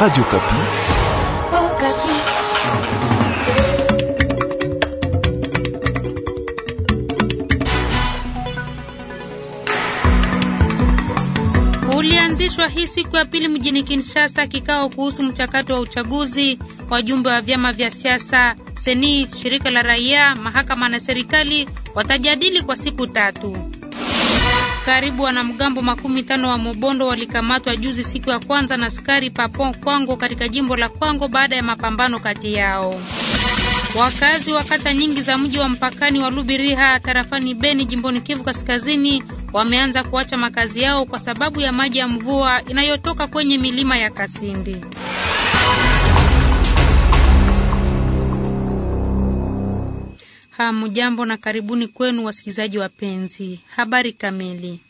Radio Kapi. Oh, Kapi. Kulianzishwa hii siku ya pili mjini Kinshasa kikao kuhusu mchakato wa uchaguzi, wajumbe wa vyama vya siasa, seni, shirika la raia, mahakama na serikali watajadili kwa siku tatu. Karibu wanamgambo makumi tano wa Mobondo walikamatwa juzi siku ya kwanza na askari Papon Kwango katika jimbo la Kwango baada ya mapambano kati yao. Wakazi wa kata nyingi za mji wa mpakani wa Lubiriha tarafani Beni jimboni Kivu Kaskazini wameanza kuacha makazi yao kwa sababu ya maji ya mvua inayotoka kwenye milima ya Kasindi. Hamujambo na karibuni kwenu wasikilizaji wapenzi. Habari kamili.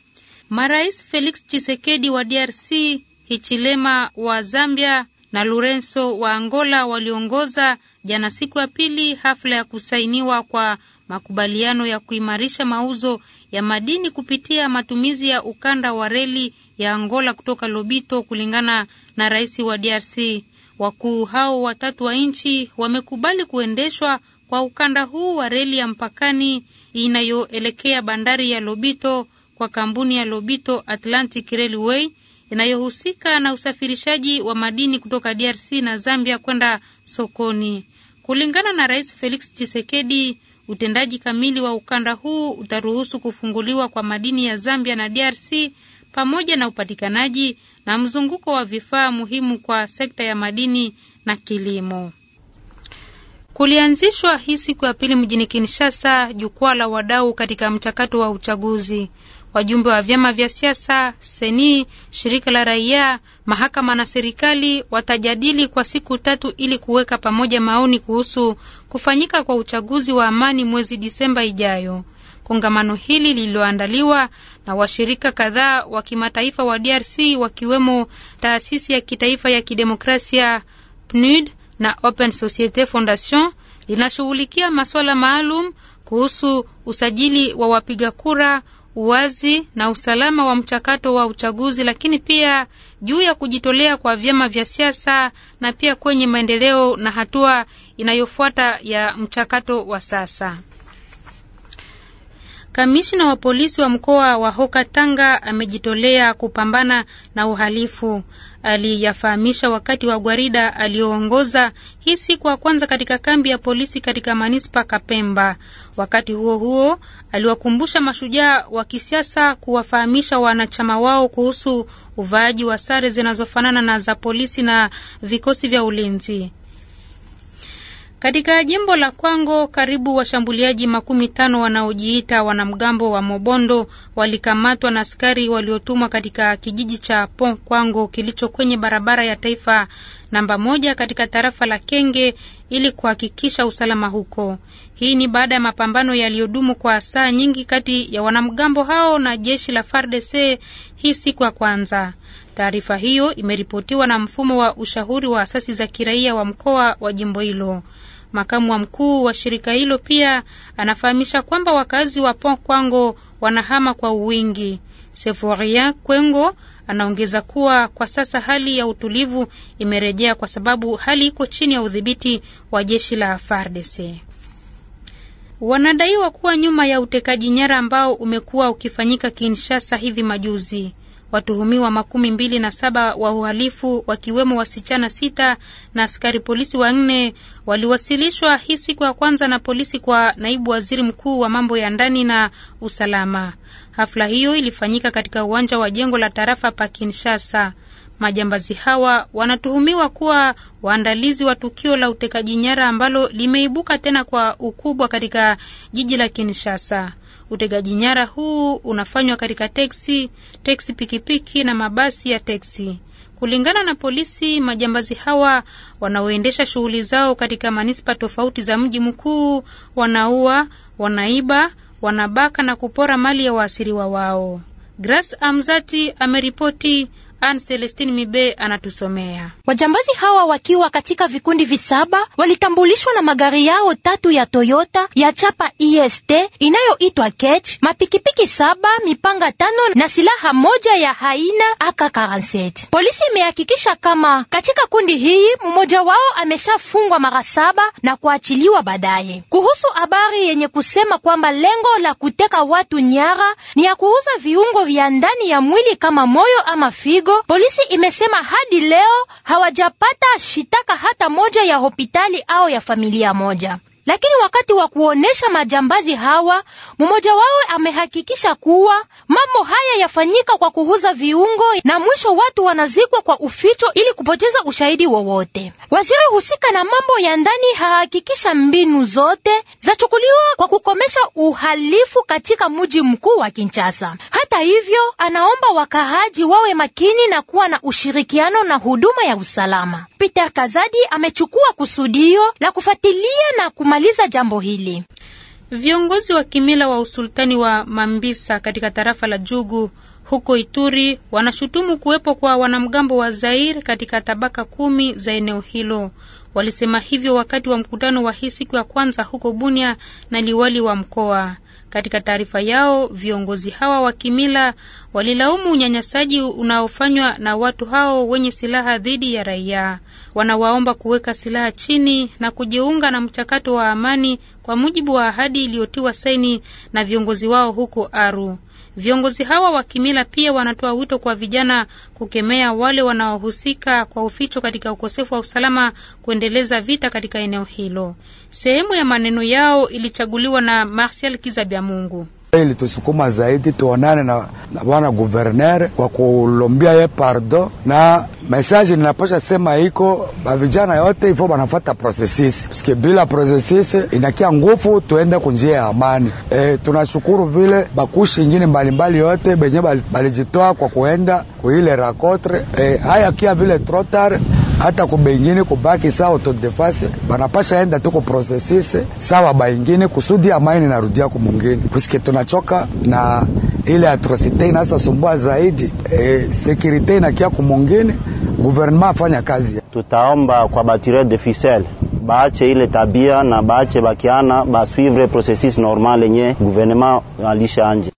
Marais Felix Tshisekedi wa DRC, Hichilema wa Zambia na lorenso wa Angola waliongoza jana siku ya pili hafla ya kusainiwa kwa makubaliano ya kuimarisha mauzo ya madini kupitia matumizi ya ukanda wa reli ya Angola kutoka Lobito kulingana na rais wa DRC. Wakuu hao watatu wa nchi wamekubali kuendeshwa kwa ukanda huu wa reli ya mpakani inayoelekea bandari ya Lobito kwa kampuni ya Lobito Atlantic Railway inayohusika na usafirishaji wa madini kutoka DRC na Zambia kwenda sokoni. Kulingana na Rais Felix Tshisekedi, utendaji kamili wa ukanda huu utaruhusu kufunguliwa kwa madini ya Zambia na DRC pamoja na upatikanaji na mzunguko wa vifaa muhimu kwa sekta ya madini na kilimo. Kulianzishwa hii siku ya pili mjini Kinshasa jukwaa la wadau katika mchakato wa uchaguzi. Wajumbe wa vyama vya siasa, seni, shirika la raia, mahakama na serikali watajadili kwa siku tatu ili kuweka pamoja maoni kuhusu kufanyika kwa uchaguzi wa amani mwezi Disemba ijayo. Kongamano hili lililoandaliwa na washirika kadhaa wa kimataifa wa DRC wakiwemo taasisi ya kitaifa ya kidemokrasia PNUD, na Open Society Foundation linashughulikia masuala maalum kuhusu usajili wa wapiga kura, uwazi na usalama wa mchakato wa uchaguzi, lakini pia juu ya kujitolea kwa vyama vya siasa na pia kwenye maendeleo na hatua inayofuata ya mchakato wa sasa. Kamishina wa polisi wa mkoa wa Hoka Tanga amejitolea kupambana na uhalifu aliyafahamisha wakati wa gwarida aliyoongoza hii siku ya kwanza katika kambi ya polisi katika manispa Kapemba. Wakati huo huo, aliwakumbusha mashujaa wa kisiasa kuwafahamisha wanachama wao kuhusu uvaaji wa sare zinazofanana na za polisi na vikosi vya ulinzi. Katika jimbo la Kwango karibu washambuliaji makumi tano wanaojiita wanamgambo wa Mobondo walikamatwa na askari waliotumwa katika kijiji cha Pont Kwango kilicho kwenye barabara ya taifa namba moja katika tarafa la Kenge ili kuhakikisha usalama huko. Hii ni baada ya mapambano yaliyodumu kwa saa nyingi kati ya wanamgambo hao na jeshi la FARDC hii siku ya kwanza. Taarifa hiyo imeripotiwa na mfumo wa ushauri wa asasi za kiraia wa mkoa wa jimbo hilo. Makamu wa mkuu wa shirika hilo pia anafahamisha kwamba wakazi wa Pont Kwango wanahama kwa wingi. Seforia Kwengo anaongeza kuwa kwa sasa hali ya utulivu imerejea kwa sababu hali iko chini ya udhibiti wa jeshi la FARDC. Wanadaiwa kuwa nyuma ya utekaji nyara ambao umekuwa ukifanyika Kinshasa hivi majuzi. Watuhumiwa makumi mbili na saba wa uhalifu wakiwemo wasichana sita na askari polisi wanne waliwasilishwa hii siku ya kwanza na polisi kwa naibu waziri mkuu wa mambo ya ndani na usalama. Hafla hiyo ilifanyika katika uwanja wa jengo la tarafa pa Kinshasa. Majambazi hawa wanatuhumiwa kuwa waandalizi wa tukio la utekaji nyara ambalo limeibuka tena kwa ukubwa katika jiji la Kinshasa. Utegaji nyara huu unafanywa katika teksi, teksi pikipiki na mabasi ya teksi. Kulingana na polisi, majambazi hawa wanaoendesha shughuli zao katika manispa tofauti za mji mkuu wanaua, wanaiba, wanabaka na kupora mali ya waasiriwa wao. Gras Amzati ameripoti. Anne Celestine Mibe anatusomea. Wajambazi hawa wakiwa katika vikundi visaba walitambulishwa na magari yao tatu ya Toyota ya chapa IST e inayoitwa Catch, mapikipiki saba, mipanga tano na silaha moja ya haina AK47. Polisi imehakikisha kama katika kundi hii mmoja wao ameshafungwa mara saba na kuachiliwa baadaye. Kuhusu habari yenye kusema kwamba lengo la kuteka watu nyara ni ya kuuza viungo vya ndani ya mwili kama moyo ama figo Kongo, polisi imesema hadi leo hawajapata shitaka hata moja ya hospitali au ya familia moja. Lakini wakati wa kuonesha majambazi hawa, mmoja wao amehakikisha kuwa mambo haya yafanyika kwa kuuza viungo na mwisho watu wanazikwa kwa uficho ili kupoteza ushahidi wowote. Waziri husika na mambo ya ndani hahakikisha mbinu zote zachukuliwa kwa kukomesha uhalifu katika mji mkuu wa Kinshasa. Hata hivyo, anaomba wakahaji wawe makini na kuwa na ushirikiano na huduma ya usalama. Peter Kazadi amechukua kusudio la kufuatilia na kumaliza jambo hili. Viongozi wa kimila wa usultani wa Mambisa katika tarafa la Jugu huko Ituri wanashutumu kuwepo kwa wanamgambo wa Zair katika tabaka kumi za eneo hilo. Walisema hivyo wakati wa mkutano wa hii siku ya kwanza huko Bunia na liwali wa mkoa. Katika taarifa yao, viongozi hawa wa kimila walilaumu unyanyasaji unaofanywa na watu hao wenye silaha dhidi ya raia. Wanawaomba kuweka silaha chini na kujiunga na mchakato wa amani kwa mujibu wa ahadi iliyotiwa saini na viongozi wao huko Aru. Viongozi hawa wa kimila pia wanatoa wito kwa vijana kukemea wale wanaohusika kwa uficho katika ukosefu wa usalama kuendeleza vita katika eneo hilo. Sehemu ya maneno yao ilichaguliwa na Martial Kizabiamungu ili tusukuma zaidi tuonane na, na bwana guverner kwa kulombia ye pardo na mesaji ninapasha sema iko bavijana yote ifo banafata prosesis sike bila prosesis inakia ngufu tuende kunjia ya amani. E, tunashukuru vile bakushi ingine mbalimbali yote benye balijitoa kwa kuenda kuile rakotre e, haya kia vile trotar hata kubengine kubaki sawa autodefase banapasha enda tuko processus sawa baingine kusudi amaini narudia kumungine puisque tunachoka na ile atrocite inasa sumbua zaidi e, eh, sekirite inakia kumungine guvernema afanya kazi. Tutaomba kwa batire de ficelle baache ile tabia na baache bakiana baswivre processus normal yenye guvernema alisha anje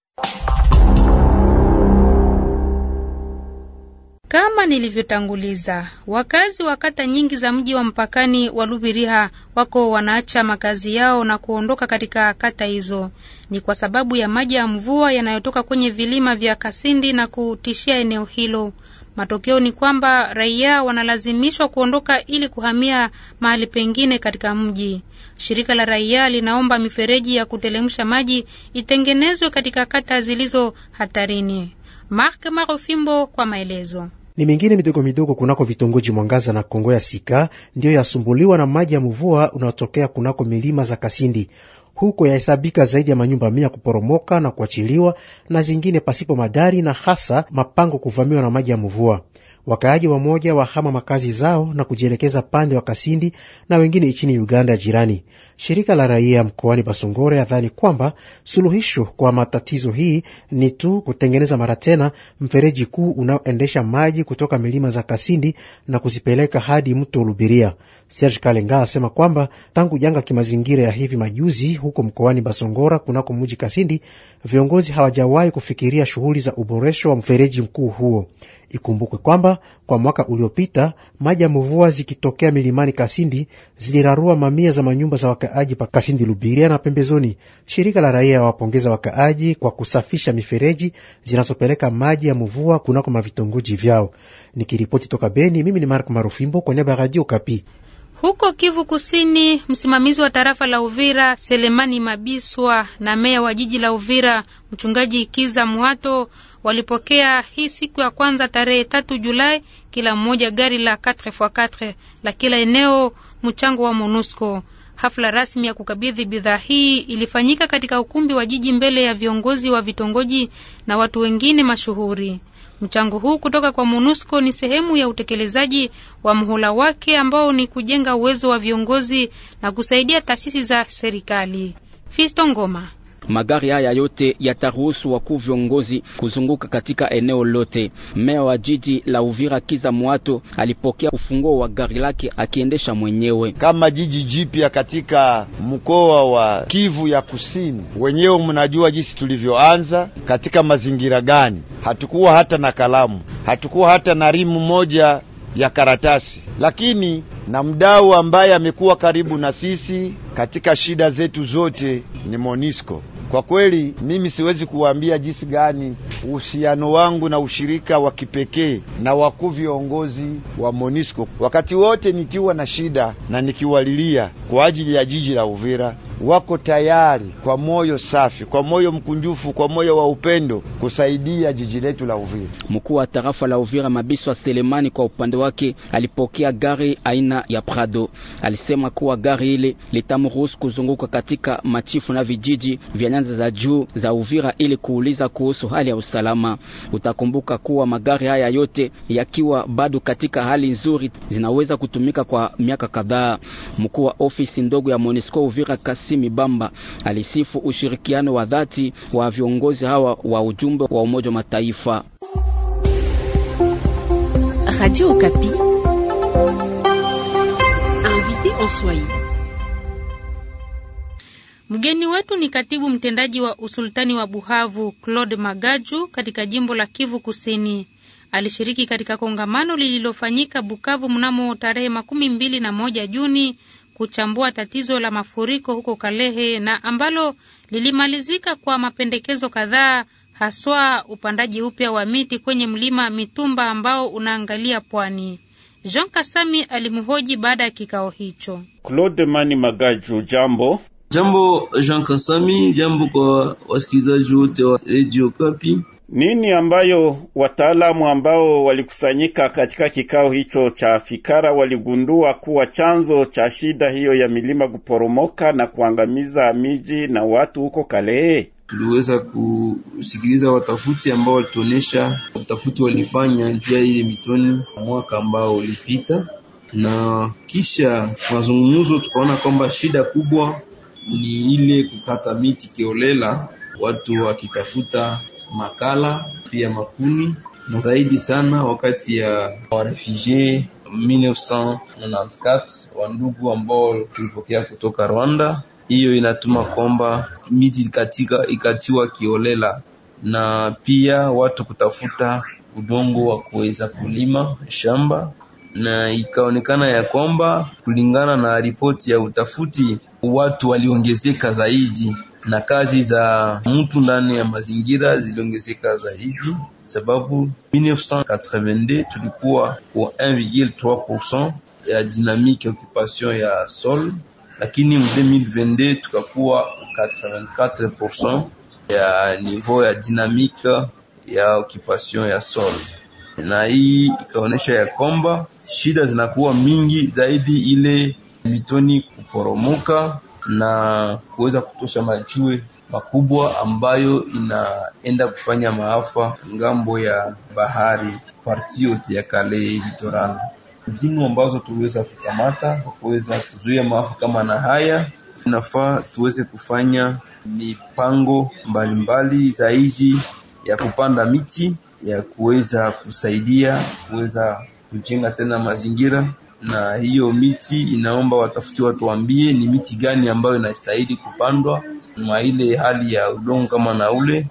Kama nilivyotanguliza, wakazi wa kata nyingi za mji wa mpakani wa Lubiriha wako wanaacha makazi yao na kuondoka katika kata hizo. Ni kwa sababu ya maji ya mvua yanayotoka kwenye vilima vya Kasindi na kutishia eneo hilo. Matokeo ni kwamba raia wanalazimishwa kuondoka ili kuhamia mahali pengine katika mji. Shirika la raia linaomba mifereji ya kutelemsha maji itengenezwe katika kata zilizo hatarini. Mark Marofimbo kwa maelezo ni mingine midogo midogo kunako vitongoji Mwangaza na Kongo ya Sika ndiyo yasumbuliwa na maji ya mvua unaotokea kunako milima za Kasindi. Huko yahesabika zaidi ya manyumba mia kuporomoka na kuachiliwa na zingine pasipo magari na hasa mapango kuvamiwa na maji ya mvua. Wakaaji wamoja wahama makazi zao na kujielekeza pande wa Kasindi na wengine nchini Uganda jirani. Shirika la raia mkoani Basongore yadhani kwamba suluhisho kwa matatizo hii ni tu kutengeneza mara tena mfereji kuu unaoendesha maji kutoka milima za Kasindi na kuzipeleka hadi mto Lubiria. Serge Kalenga asema kwamba tangu janga kimazingira ya hivi majuzi huko mkoani Basongora kunako mji Kasindi, viongozi hawajawahi kufikiria shughuli za uboresho wa mfereji mkuu huo. Ikumbukwe kwamba kwa mwaka uliopita maji ya mvua zikitokea milimani Kasindi zilirarua mamia za manyumba za wakaaji pa Kasindi Lubiria na pembezoni. Shirika la raia wapongeza wakaaji kwa kusafisha mifereji zinazopeleka maji ya mvua kunako mavitongoji vyao. Nikiripoti toka Beni, mimi ni Mark Marufimbo kwa niaba ya Radio Kapi. Huko Kivu Kusini, msimamizi wa tarafa la Uvira Selemani Mabiswa na meya wa jiji la Uvira mchungaji Kiza Mwato walipokea hii siku ya kwanza tarehe tatu Julai kila mmoja gari la 4x4 la kila eneo mchango wa MONUSCO. Hafla rasmi ya kukabidhi bidhaa hii ilifanyika katika ukumbi wa jiji mbele ya viongozi wa vitongoji na watu wengine mashuhuri. Mchango huu kutoka kwa MONUSCO ni sehemu ya utekelezaji wa mhula wake ambao ni kujenga uwezo wa viongozi na kusaidia taasisi za serikali. Fisto Ngoma Magari haya yote yataruhusu wakuu viongozi kuzunguka katika eneo lote. Meya wa jiji la Uvira Kiza Mwato alipokea ufunguo wa gari lake akiendesha mwenyewe. Kama jiji jipya katika mkoa wa Kivu ya Kusini, wenyewe mnajua jinsi tulivyoanza katika mazingira gani. Hatukuwa hata na kalamu, hatukuwa hata na rimu moja ya karatasi, lakini na mdau ambaye amekuwa karibu na sisi katika shida zetu zote ni Monisco. Kwa kweli mimi siwezi kuwaambia jinsi gani uhusiano wangu na ushirika wa kipekee na wakuu viongozi wa Monisco, wakati wote nikiwa na shida na nikiwalilia kwa ajili ya jiji la Uvira wako tayari kwa moyo safi, kwa moyo mkunjufu, kwa moyo wa upendo kusaidia jiji letu la Uvira. Mkuu wa tarafa la Uvira Mabiswa Selemani kwa upande wake alipokea gari aina ya Prado. Alisema kuwa gari ile litamruhusu kuzunguka katika machifu na vijiji vya nyanza za juu za Uvira ili kuuliza kuhusu hali ya usalama. Utakumbuka kuwa magari haya yote yakiwa bado katika hali nzuri zinaweza kutumika kwa miaka kadhaa. Mkuu wa ofisi ndogo ya Monisco Uvira kasi DRC Bamba alisifu ushirikiano wa dhati wa viongozi hawa wa ujumbe wa Umoja wa Mataifa. Radio Okapi. Mgeni wetu ni katibu mtendaji wa usultani wa Buhavu Claude Magaju katika jimbo la Kivu Kusini. Alishiriki katika kongamano lililofanyika Bukavu mnamo tarehe makumi mbili na moja Juni kuchambua tatizo la mafuriko huko Kalehe na ambalo lilimalizika kwa mapendekezo kadhaa, haswa upandaji upya wa miti kwenye mlima Mitumba ambao unaangalia pwani. Jean Kasami alimhoji baada ya kikao hicho. Claude Mani Magaju, jambo. Jambo Jean Kasami, jambo kwa wasikilizaji wote wa Radio Kapi nini ambayo wataalamu ambao walikusanyika katika kikao hicho cha Fikara waligundua kuwa chanzo cha shida hiyo ya milima kuporomoka na kuangamiza miji na watu huko Kalehe? Tuliweza kusikiliza watafuti ambao walituonyesha watafuti walifanya njia ile mitoni mwaka ambao ulipita, na kisha mazungumzo tukaona kwamba shida kubwa ni ile kukata miti kiolela, watu wakitafuta makala pia makuni na zaidi sana wakati ya warefugee 1994 ndugu ambao tulipokea kutoka Rwanda. Hiyo inatuma kwamba miti katika ikatiwa kiolela na pia watu kutafuta udongo wa kuweza kulima shamba, na ikaonekana ya kwamba kulingana na ripoti ya utafuti watu waliongezeka zaidi na kazi za mtu ndani ya mazingira ziliongezeka zaidi, sababu 1982 tulikuwa kwa 1,3% ya dynamique ya occupation ya sol, lakini mu 2022 tukakuwa 84% ya niveau ya dynamique ya occupation ya sol, na hii ikaonyesha ya kwamba shida zinakuwa mingi zaidi, ile mitoni kuporomoka na kuweza kutosha majue makubwa ambayo inaenda kufanya maafa ngambo ya bahari parti yote ya kale litorano. Mbinu ambazo tuweza kukamata kwa kuweza kuzuia maafa kama na haya, inafaa tuweze kufanya mipango mbalimbali zaidi ya kupanda miti ya kuweza kusaidia kuweza kujenga tena mazingira na hiyo miti inaomba watafuti watu waambie ni miti gani ambayo inastahili kupandwa na ile hali ya udongo kama na ule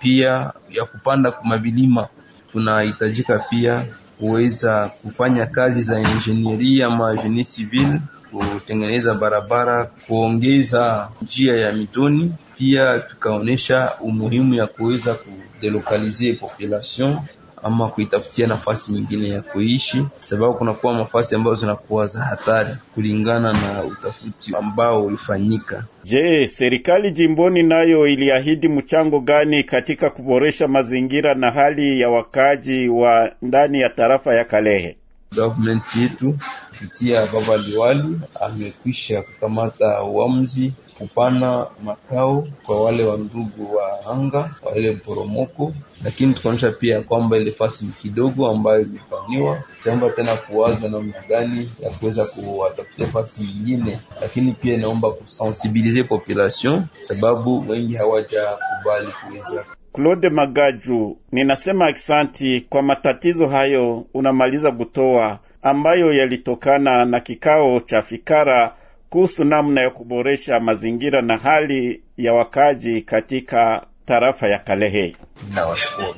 pia ya kupanda kumavilima tunahitajika pia kuweza kufanya kazi za engineeria ama jeni civil kutengeneza barabara, kuongeza njia ya mitoni, pia tukaonesha umuhimu ya kuweza kudelokalize population ama kuitafutia nafasi nyingine ya kuishi, sababu kunakuwa nafasi ambazo zinakuwa za hatari kulingana na utafuti ambao ulifanyika. Je, serikali jimboni nayo iliahidi mchango gani katika kuboresha mazingira na hali ya wakaji wa ndani ya tarafa ya Kalehe? government yetu kupitia baba liwali amekwisha kukamata uamuzi kupana makao kwa wale wa ndugu wa anga wa ile mporomoko, lakini tukaonyesha pia kwamba ile fasi kidogo ambayo imefanywa, tutaomba tena kuwaza namna gani ya kuweza kuwatafutia fasi nyingine, lakini pia inaomba kusensibilize population, sababu wengi hawajakubali kuweza Claude Magaju, ninasema aksanti kwa matatizo hayo unamaliza kutoa ambayo yalitokana na kikao cha fikara kuhusu namna ya kuboresha mazingira na hali ya wakaji katika tarafa ya Kalehe. Nawashukuru.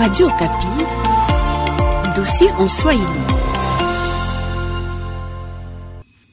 Radio Kapi, dossier en Swahili.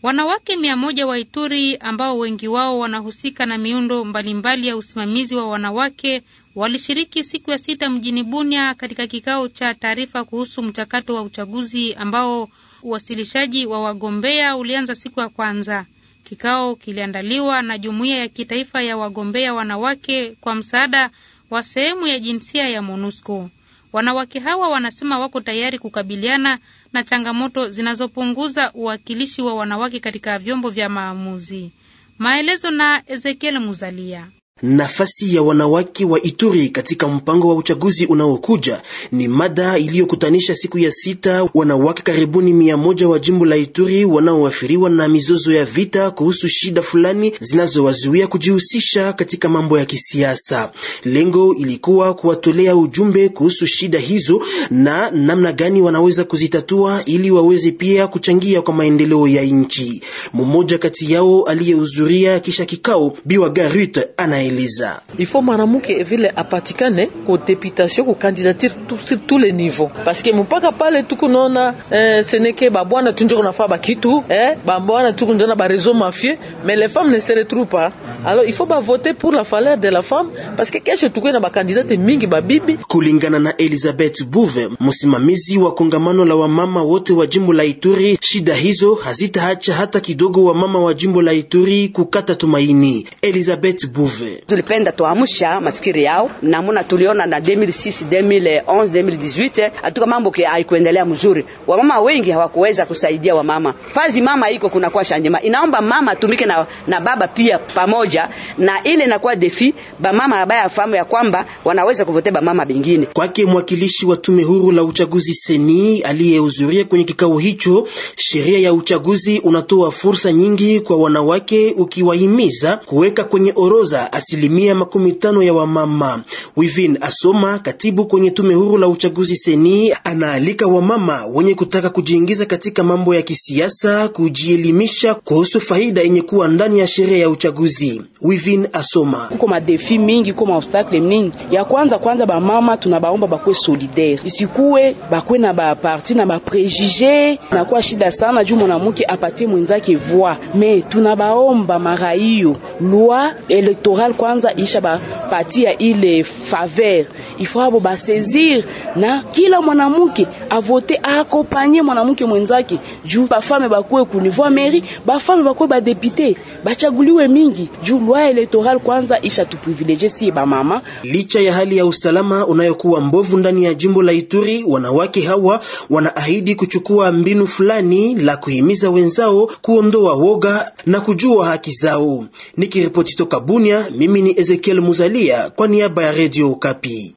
Wanawake mia moja wa Ituri ambao wengi wao wanahusika na miundo mbalimbali ya usimamizi wa wanawake walishiriki siku ya sita mjini Bunia katika kikao cha taarifa kuhusu mchakato wa uchaguzi ambao uwasilishaji wa wagombea ulianza siku ya kwanza. Kikao kiliandaliwa na jumuiya ya kitaifa ya wagombea wanawake kwa msaada wa sehemu ya jinsia ya MONUSCO. Wanawake hawa wanasema wako tayari kukabiliana na changamoto zinazopunguza uwakilishi wa wanawake katika vyombo vya maamuzi. Maelezo na Ezekiel Muzalia. Nafasi ya wanawake wa Ituri katika mpango wa uchaguzi unaokuja ni mada iliyokutanisha siku ya sita wanawake karibuni mia moja wa jimbo la Ituri wanaoathiriwa na mizozo ya vita kuhusu shida fulani zinazowazuia kujihusisha katika mambo ya kisiasa. Lengo ilikuwa kuwatolea ujumbe kuhusu shida hizo na namna gani wanaweza kuzitatua ili waweze pia kuchangia kwa maendeleo ya nchi. Mmoja kati yao aliyehudhuria kisha kikao Biwa Garut ana anaeleza ifo mwanamuke vile apatikane ku deputation ku candidature sur tous les niveaux parce que mpaka pale tukunaona eh, seneke babwana tu ndio kunafaa bakitu eh, babwana tu ndio na barezo mafieux mais les femmes ne se retrouvent pas alors il faut ba voter pour la valeur de la femme parce que kesho tukwe na bakandidate mingi babibi. Kulingana na Elizabeth Bouve, msimamizi wa kongamano la wamama wote wa jimbo la Ituri, shida hizo hazitaacha hata kidogo wamama wa jimbo la Ituri kukata tumaini. Elizabeth Bouve tulipenda tuamsha mafikiri yao, namuna tuliona na 2006 2011 2018 atuka mambo haikuendelea mzuri, wamama wengi hawakuweza kusaidia wamama. Fazi mama iko kuna kwa shanjema, inaomba mama tumike na, na baba pia pamoja, na ile inakuwa defi ba mama abaya afamu ya kwamba wanaweza kuvoteba mama bingine. Kwake mwakilishi wa tume huru la uchaguzi seni aliyehudhuria kwenye kikao hicho, sheria ya uchaguzi unatoa fursa nyingi kwa wanawake ukiwahimiza kuweka kwenye oroza asilimia makumi tano ya wamama. Wivin Asoma, katibu kwenye tume huru la uchaguzi seni, anaalika wamama wenye kutaka kujiingiza katika mambo ya kisiasa kujielimisha kuhusu faida yenye kuwa ndani ya sheria ya uchaguzi. Wivin Asoma: kuko madefi mingi, kuko maobstakle mingi. Ya kwanza kwanza, bamama tunabaomba bakwe solidaire, isikuwe bakwe na baparti na baprejije, nakuwa shida sana juu mwanamke apatie mwenzake voix. Me tunabaomba mara hiyo loi electoral national kwanza isha bapatia ile faveur ifo abo basezir na kila mwanamke avote akompanye mwanamke mwenzake juu bafame bakuwe ku niveau mairie, bafame bakuwe badepute bachaguliwe mingi juu loi electoral kwanza isha tuprivilege sie bamama. Licha ya hali ya usalama unayokuwa mbovu ndani ya jimbo la Ituri, wanawake hawa wanaahidi kuchukua mbinu fulani la kuhimiza wenzao kuondoa woga na kujua haki zao. Nikiripoti toka Bunia. Mimi ni Ezekiel Muzalia kwa niaba ya Redio Ukapi.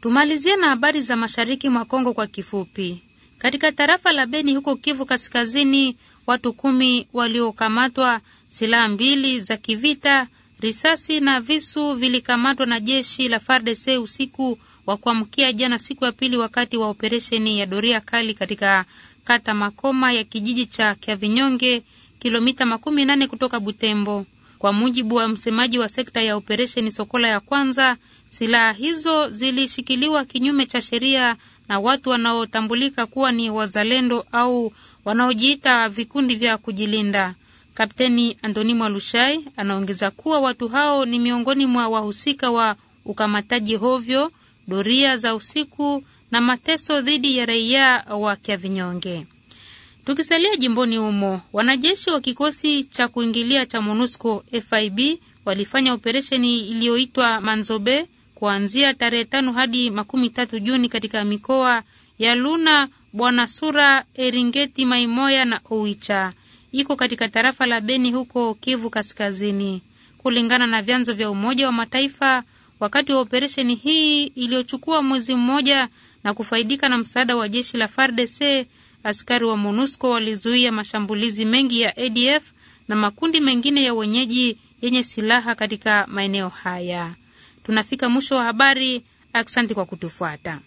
Tumalizie na habari za mashariki mwa Kongo kwa kifupi. Katika tarafa la Beni huko Kivu Kaskazini, watu kumi waliokamatwa, silaha mbili za kivita, risasi na visu vilikamatwa na jeshi la FARDC usiku wa kuamkia jana, siku ya pili, wakati wa operesheni ya doria kali katika kata Makoma ya kijiji cha Kyavinyonge, kilomita makumi nane kutoka Butembo. Kwa mujibu wa msemaji wa sekta ya operesheni Sokola ya kwanza, silaha hizo zilishikiliwa kinyume cha sheria na watu wanaotambulika kuwa ni wazalendo au wanaojiita vikundi vya kujilinda. Kapteni Antoni Mwalushai anaongeza kuwa watu hao ni miongoni mwa wahusika wa ukamataji hovyo, doria za usiku na mateso dhidi ya raia wa Kyavinyonge. Tukisalia jimboni humo, wanajeshi wa kikosi cha kuingilia cha MONUSCO FIB walifanya operesheni iliyoitwa Manzobe kuanzia tarehe tano hadi makumi tatu Juni katika mikoa ya Luna, Bwanasura, Eringeti, Maimoya na Oicha. Iko katika tarafa la Beni huko Kivu Kaskazini, kulingana na vyanzo vya Umoja wa Mataifa. Wakati wa operesheni hii iliyochukua mwezi mmoja na kufaidika na msaada wa jeshi la FARDC, askari wa MONUSCO walizuia mashambulizi mengi ya ADF na makundi mengine ya wenyeji yenye silaha katika maeneo haya. Tunafika mwisho wa habari. Asante kwa kutufuata.